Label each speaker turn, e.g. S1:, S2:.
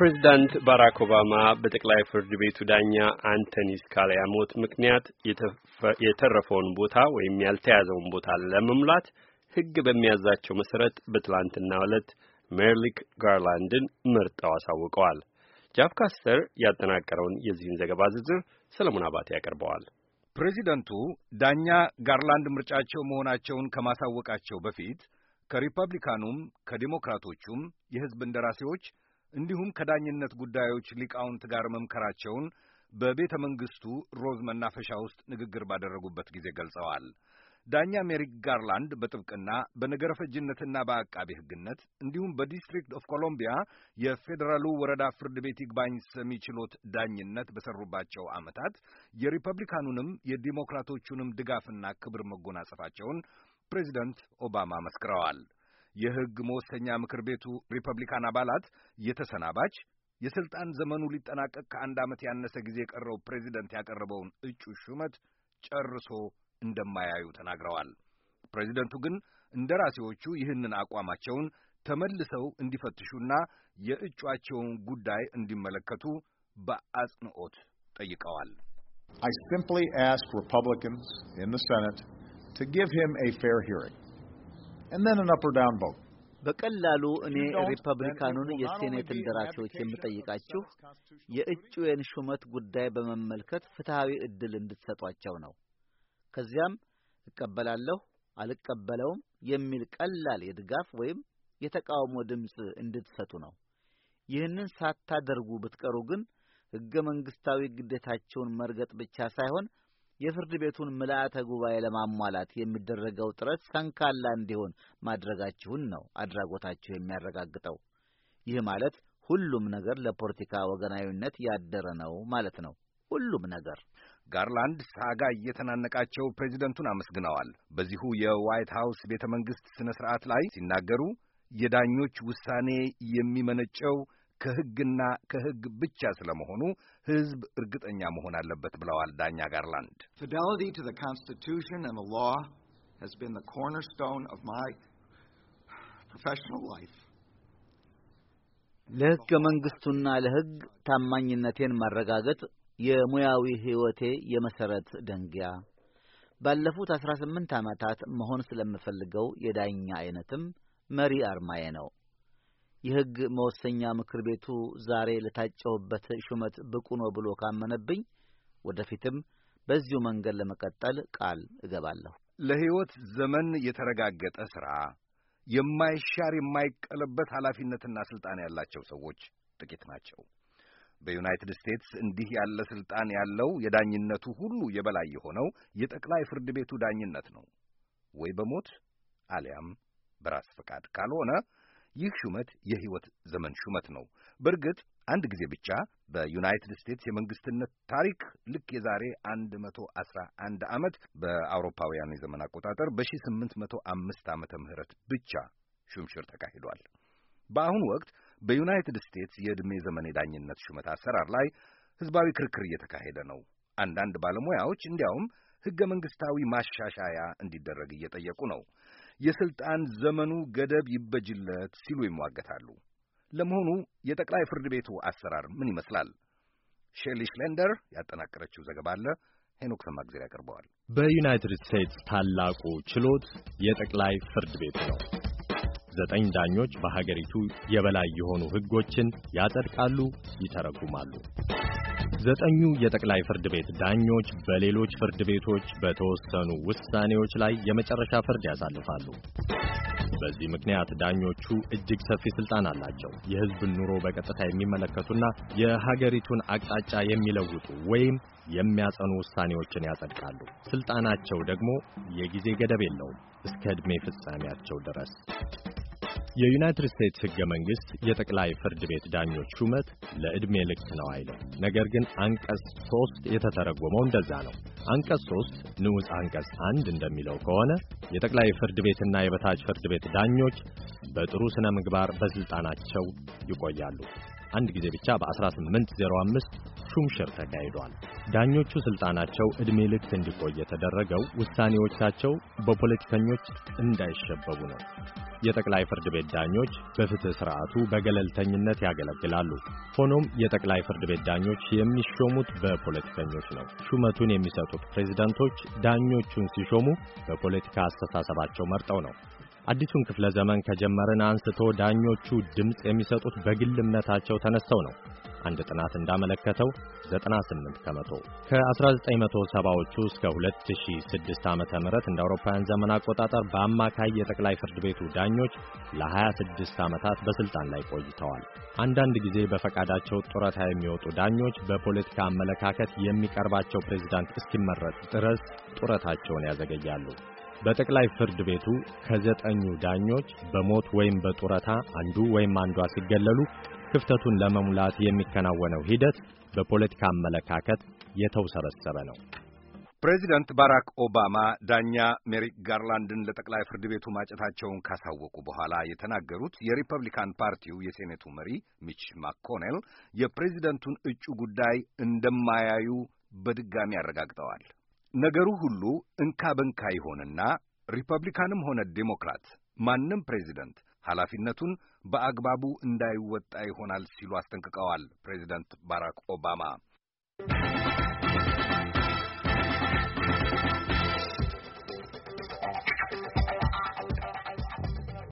S1: ፕሬዚዳንት ባራክ ኦባማ በጠቅላይ ፍርድ ቤቱ ዳኛ አንቶኒ ስካሊያ ሞት ምክንያት የተረፈውን ቦታ ወይም ያልተያዘውን ቦታ ለመሙላት ሕግ በሚያዛቸው መሰረት በትላንትናው ዕለት ሜርሊክ ጋርላንድን መርጠው አሳውቀዋል። ጃፍ ካስተር ያጠናቀረውን የዚህን ዘገባ ዝርዝር ሰለሞን አባቴ ያቀርበዋል።
S2: ፕሬዚደንቱ ዳኛ ጋርላንድ ምርጫቸው መሆናቸውን ከማሳወቃቸው በፊት ከሪፐብሊካኑም ከዲሞክራቶቹም የሕዝብ እንደራሴዎች እንዲሁም ከዳኝነት ጉዳዮች ሊቃውንት ጋር መምከራቸውን በቤተ መንግሥቱ ሮዝ መናፈሻ ውስጥ ንግግር ባደረጉበት ጊዜ ገልጸዋል። ዳኛ ሜሪክ ጋርላንድ በጥብቅና በነገረ ፈጅነትና በአቃቤ ሕግነት እንዲሁም በዲስትሪክት ኦፍ ኮሎምቢያ የፌዴራሉ ወረዳ ፍርድ ቤት ይግባኝ ሰሚ ችሎት ዳኝነት በሰሩባቸው ዓመታት የሪፐብሊካኑንም የዲሞክራቶቹንም ድጋፍና ክብር መጎናጸፋቸውን ፕሬዚደንት ኦባማ መስክረዋል። የሕግ መወሰኛ ምክር ቤቱ ሪፐብሊካን አባላት የተሰናባች የሥልጣን ዘመኑ ሊጠናቀቅ ከአንድ ዓመት ያነሰ ጊዜ የቀረው ፕሬዚደንት ያቀረበውን እጩ ሹመት ጨርሶ እንደማያዩ ተናግረዋል። ፕሬዚደንቱ ግን እንደራሴዎቹ ይህንን አቋማቸውን ተመልሰው እንዲፈትሹና የእጩአቸውን ጉዳይ እንዲመለከቱ በአጽንኦት ጠይቀዋል።
S3: I simply asked Republicans in the Senate to give him a fair hearing. በቀላሉ እኔ ሪፐብሊካኑን የሴኔት እንደራሴዎች የምጠይቃችሁ የእጩዬን ሹመት ጉዳይ በመመልከት ፍትሐዊ ዕድል እንድትሰጧቸው ነው። ከዚያም እቀበላለሁ፣ አልቀበለውም የሚል ቀላል የድጋፍ ወይም የተቃውሞ ድምፅ እንድትሰጡ ነው። ይህንን ሳታደርጉ ብትቀሩ ግን ሕገ መንግሥታዊ ግዴታቸውን መርገጥ ብቻ ሳይሆን የፍርድ ቤቱን ምልአተ ጉባኤ ለማሟላት የሚደረገው ጥረት ሰንካላ እንዲሆን ማድረጋችሁን ነው አድራጎታችሁ የሚያረጋግጠው። ይህ ማለት ሁሉም ነገር
S2: ለፖለቲካ ወገናዊነት ያደረ ነው ማለት ነው። ሁሉም ነገር ጋርላንድ ሳጋ እየተናነቃቸው ፕሬዚደንቱን አመስግነዋል። በዚሁ የዋይት ሃውስ ቤተ መንግሥት ሥነ ሥርዓት ላይ ሲናገሩ የዳኞች ውሳኔ የሚመነጨው ከሕግና ከሕግ ብቻ ስለመሆኑ ሕዝብ እርግጠኛ መሆን አለበት ብለዋል ዳኛ ጋርላንድ።
S3: ለሕገ መንግሥቱና ለሕግ ታማኝነቴን ማረጋገጥ የሙያዊ ሕይወቴ የመሠረት ደንጊያ ባለፉት አስራ ስምንት ዓመታት መሆን ስለምፈልገው የዳኛ አይነትም መሪ አርማዬ ነው። የሕግ መወሰኛ ምክር ቤቱ ዛሬ ለታጨውበት ሹመት ብቁ ነው ብሎ ካመነብኝ ወደፊትም በዚሁ
S2: መንገድ ለመቀጠል ቃል እገባለሁ። ለሕይወት ዘመን የተረጋገጠ ሥራ፣ የማይሻር የማይቀለበት ኃላፊነትና ሥልጣን ያላቸው ሰዎች ጥቂት ናቸው። በዩናይትድ ስቴትስ እንዲህ ያለ ሥልጣን ያለው የዳኝነቱ ሁሉ የበላይ የሆነው የጠቅላይ ፍርድ ቤቱ ዳኝነት ነው። ወይ በሞት አሊያም በራስ ፈቃድ ካልሆነ ይህ ሹመት የህይወት ዘመን ሹመት ነው። በእርግጥ አንድ ጊዜ ብቻ በዩናይትድ ስቴትስ የመንግስትነት ታሪክ ልክ የዛሬ 111 ዓመት በአውሮፓውያን የዘመን አቆጣጠር በሺ ስምንት መቶ ዓመተ ምህረት ብቻ ሹምሽር ተካሂዷል። በአሁኑ ወቅት በዩናይትድ ስቴትስ የዕድሜ ዘመን የዳኝነት ሹመት አሰራር ላይ ህዝባዊ ክርክር እየተካሄደ ነው። አንዳንድ ባለሙያዎች እንዲያውም ህገ መንግስታዊ ማሻሻያ እንዲደረግ እየጠየቁ ነው። የሥልጣን ዘመኑ ገደብ ይበጅለት ሲሉ ይሟገታሉ። ለመሆኑ የጠቅላይ ፍርድ ቤቱ አሰራር ምን ይመስላል? ሼሊ ሽሌንደር ያጠናቀረችው ዘገባ አለ። ሄኖክ ሰማግዜር ያቀርበዋል።
S1: በዩናይትድ ስቴትስ ታላቁ ችሎት የጠቅላይ ፍርድ ቤት ነው። ዘጠኝ ዳኞች በሀገሪቱ የበላይ የሆኑ ሕጎችን ያጸድቃሉ፣ ይተረጉማሉ። ዘጠኙ የጠቅላይ ፍርድ ቤት ዳኞች በሌሎች ፍርድ ቤቶች በተወሰኑ ውሳኔዎች ላይ የመጨረሻ ፍርድ ያሳልፋሉ። በዚህ ምክንያት ዳኞቹ እጅግ ሰፊ ስልጣን አላቸው። የሕዝብን ኑሮ በቀጥታ የሚመለከቱና የሀገሪቱን አቅጣጫ የሚለውጡ ወይም የሚያጸኑ ውሳኔዎችን ያጸድቃሉ። ስልጣናቸው ደግሞ የጊዜ ገደብ የለውም፣ እስከ ዕድሜ ፍጻሜያቸው ድረስ። የዩናይትድ ስቴትስ ሕገ መንግሥት የጠቅላይ ፍርድ ቤት ዳኞች ሹመት ለዕድሜ ልክ ነው አይልም። ነገር ግን አንቀጽ ሦስት የተተረጎመው እንደዛ ነው። አንቀጽ ሦስት ንዑስ አንቀጽ አንድ እንደሚለው ከሆነ የጠቅላይ ፍርድ ቤትና የበታች ፍርድ ቤት ዳኞች በጥሩ ሥነ ምግባር በሥልጣናቸው ይቆያሉ። አንድ ጊዜ ብቻ በ1805 ሹምሽር ተካሂዷል። ዳኞቹ ስልጣናቸው ዕድሜ ልክ እንዲቆይ የተደረገው ውሳኔዎቻቸው በፖለቲከኞች እንዳይሸበቡ ነው። የጠቅላይ ፍርድ ቤት ዳኞች በፍትህ ስርዓቱ በገለልተኝነት ያገለግላሉ። ሆኖም የጠቅላይ ፍርድ ቤት ዳኞች የሚሾሙት በፖለቲከኞች ነው። ሹመቱን የሚሰጡት ፕሬዝዳንቶች ዳኞቹን ሲሾሙ በፖለቲካ አስተሳሰባቸው መርጠው ነው። አዲሱን ክፍለ ዘመን ከጀመርን አንስቶ ዳኞቹ ድምፅ የሚሰጡት በግል እምነታቸው ተነስተው ነው። አንድ ጥናት እንዳመለከተው 98 ከመቶ ከ1970ዎቹ እስከ 2006 ዓመተ ምህረት እንደ አውሮፓውያን ዘመን አቆጣጠር በአማካይ የጠቅላይ ፍርድ ቤቱ ዳኞች ለ26 ዓመታት በስልጣን ላይ ቆይተዋል። አንዳንድ ጊዜ በፈቃዳቸው ጡረታ የሚወጡ ዳኞች በፖለቲካ አመለካከት የሚቀርባቸው ፕሬዝዳንት እስኪመረጥ ድረስ ጡረታቸውን ያዘገያሉ። በጠቅላይ ፍርድ ቤቱ ከዘጠኙ ዳኞች በሞት ወይም በጡረታ አንዱ ወይም አንዷ ሲገለሉ ክፍተቱን ለመሙላት የሚከናወነው ሂደት በፖለቲካ አመለካከት የተውሰበሰበ ነው።
S2: ፕሬዚደንት ባራክ ኦባማ ዳኛ ሜሪክ ጋርላንድን ለጠቅላይ ፍርድ ቤቱ ማጨታቸውን ካሳወቁ በኋላ የተናገሩት የሪፐብሊካን ፓርቲው የሴኔቱ መሪ ሚች ማኮኔል የፕሬዚደንቱን እጩ ጉዳይ እንደማያዩ በድጋሚ አረጋግጠዋል። ነገሩ ሁሉ እንካ በንካ ይሆንና ሪፐብሊካንም ሆነ ዴሞክራት ማንም ፕሬዚደንት ኃላፊነቱን በአግባቡ እንዳይወጣ ይሆናል ሲሉ አስጠንቅቀዋል ፕሬዚደንት ባራክ ኦባማ።